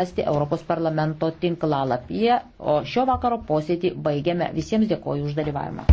rasti Europos parlamento tinklalapyje, o šio vakaro posėdį baigiame. Visiems dėkoju už dalyvavimą.